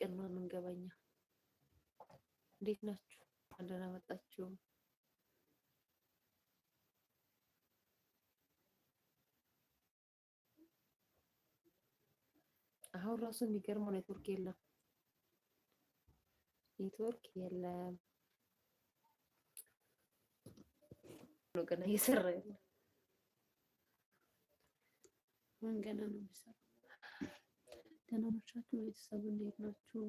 ጠብቀን ነው የምንገባኛ። እንዴት ናችሁ? ደህና መጣችሁ። አሁን ራሱ የሚገርመው ኔትወርክ የለም፣ ኔትወርክ የለም ነው ገና እየሰራ ያለ ምን ገና ነው የሚሰራው ደህና ናችሁ ቤተሰብ? እንዴት ናችሁ?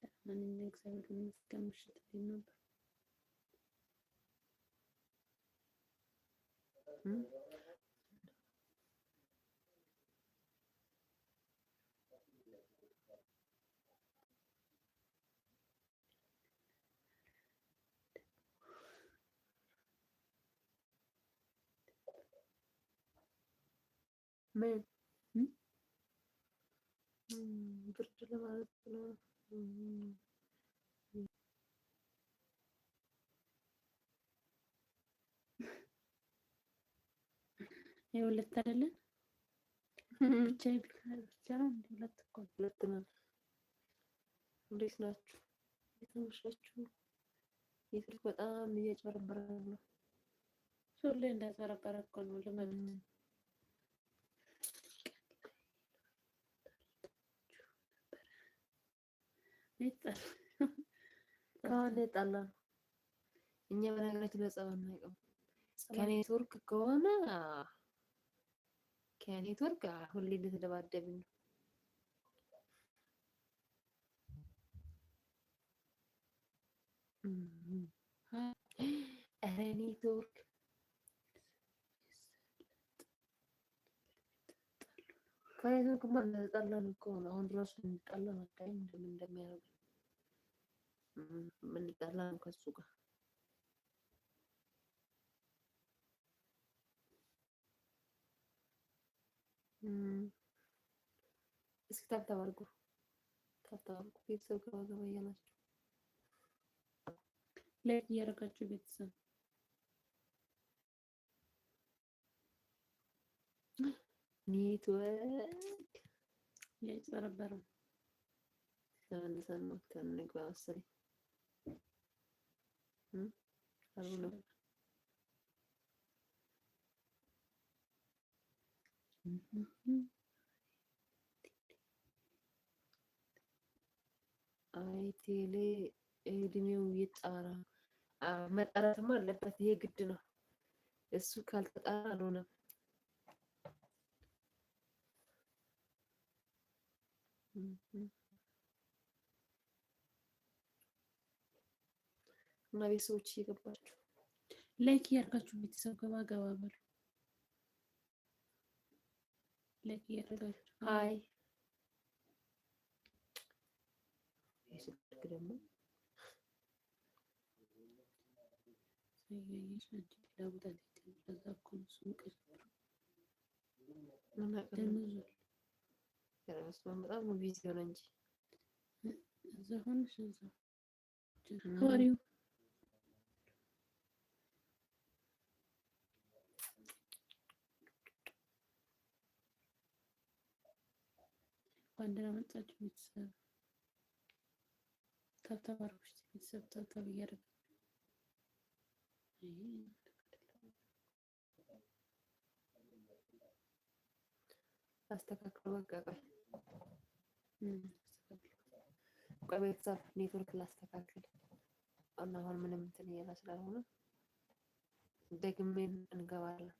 ደህና ነኝ፣ እግዚአብሔር ይመስገን። ምሽት እንዴት ነበር? ምን బుర్రలో మారుతున్నాను ఎవరు ఎత్తారలే እንዴት ናችሁ? የተመሻችሁ የስልክ በጣም እያጭበረበረ ነው። ሁሌ እንዳጭበረበረ እኮ ነው ልመን ከሆነ የጣላ እኛ በነገራችን በጸብ አናውቅም። ከኔትወርክ ከሆነ ከኔትወርክ ሁሌ ልትደባደብኝ ነው። ኧረ ኔትወርክ ከኔትወርክ ማ ተጣላን እኮ አሁን ራሱ እንጣላ መታየም እንደሚያደርጉ የምንጠላ ነው ከሱ ጋር እስኪ ታብታብ አድርጉ ታብታብ አድርጉ ቤተሰብ ገባ እያላችሁ ላይክ እያደረጋችሁ ቤተሰብ ኔትወርክ ያጭበረበረው ተመልሰን ነው ከምን መሰለኝ አይ ቴሌ እድሜው ይጣራ መጣራትም አለበት። ይሄ ግድ ነው። እሱ ካልተጣራ አልሆነም። እና ቤተሰቦች እየገባችሁ ላይክ እያደረጋችሁ ቤተሰብ ገባ ገባ በሉ። ላይክ እያደረጋችሁ አይ ደግሞ እንኳን ደህና መጣችሁ ቤተሰብ። ታብታብ ቤተሰብ፣ ታብታብ እያደረጋችሁ አስተካክሎ መጋቀል ቤተሰብ፣ ኔትወርክ ላስተካክል እና አሁን ምንም እንትን እያለ ስላልሆነ እንገባለን።